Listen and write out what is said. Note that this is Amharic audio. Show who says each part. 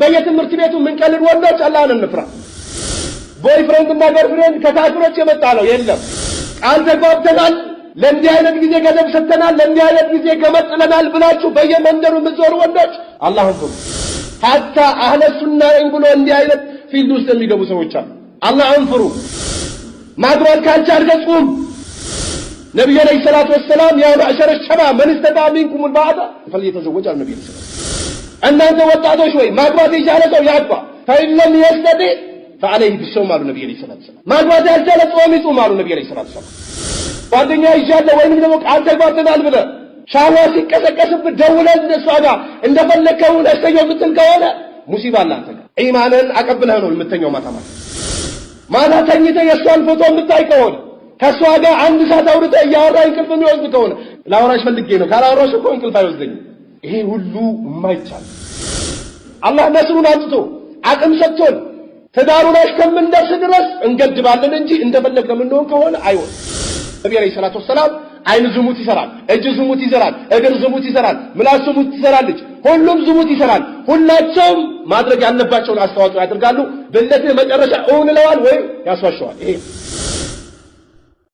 Speaker 1: በየትምህርት ቤቱ የምንቀልድ ወንዶች ጨላን እንፍራ። ቦይፍሬንድ እና ገርፍሬንድ ከታክሮች የመጣ ነው። የለም ቃል ተጓብተናል፣ ለእንዲህ አይነት ጊዜ ገደብ ሰጥተናል፣ ለእንዲህ አይነት ጊዜ ገመጥለናል ብላችሁ በየመንደሩ የምትዞሩ ወንዶች አላህን ፍሩ። ሀታ አህለ ሱና ነኝ ብሎ እንዲህ አይነት ፊልድ ውስጥ የሚገቡ ሰዎች አሉ። አላህን ፍሩ። ማግባት ካልቻልክ ጹም። ነቢዩ ዐለይሂ ሰላቱ ወሰላም ያ መዕሸረ ሸባብ መን ስተጣዐ ሚንኩም አልባአተ ፈልየተዘወጅ አሉ ነቢዩ እናንተ ወጣቶች ወይ ማግባት የቻለ ሰው ያግባ፣ ፈኢለም የስተጢ ፈዐለይህ ቢሶም አሉ ነቢ ዐለይሂ ሰላቱ ሰላም። ማግባት ያልቻለ ጾም ይጹም አሉ ነቢ ዐለይሂ ሰላቱ ሰላም። ጓደኛ ይዣለሁ ወይንም ደግሞ ቃል ተግባብተናል ብለህ ሻዋ ሲቀሰቀስብህ ደውለህ እሷ ጋር እንደፈለግከው ደስተኛው የምትል ከሆነ ሙሲባ አለ ጋር። ኢማንን አቀብለህ ነው የምተኛው ማታ ማታ ማታ ተኝተህ የእሷን ፎቶ የምታይ ከሆነ ከእሷ ጋር አንድ ሰዓት አውርተህ እያወራህ እንቅልፍ የሚወስድ ከሆነ ላወራሽ ፈልጌ ነው ካላወራሽ እኮ እንቅልፍ አይወስደኝም ይሄ ሁሉ የማይቻል አላህ ነስሩን አምጥቶ አቅም ሰጥቶን ትዳሩ ላይ እስከምንደርስ ድረስ እንገድባለን እንጂ እንደፈለግ የምንሆን ከሆነ አይሆን። ነቢ ዓለይሂ ሰላቱ ወሰላም አይን ዝሙት ይሰራል፣ እጅ ዝሙት ይሰራል፣ እግር ዝሙት ይሰራል፣ ምላስ ዝሙት ትሰራለች፣ ሁሉም ዝሙት ይሰራል። ሁላቸውም ማድረግ ያለባቸውን አስተዋጽኦ ያደርጋሉ። በእነትህ መጨረሻ እውን እለዋል ወይም ያስዋሸዋል። ይሄ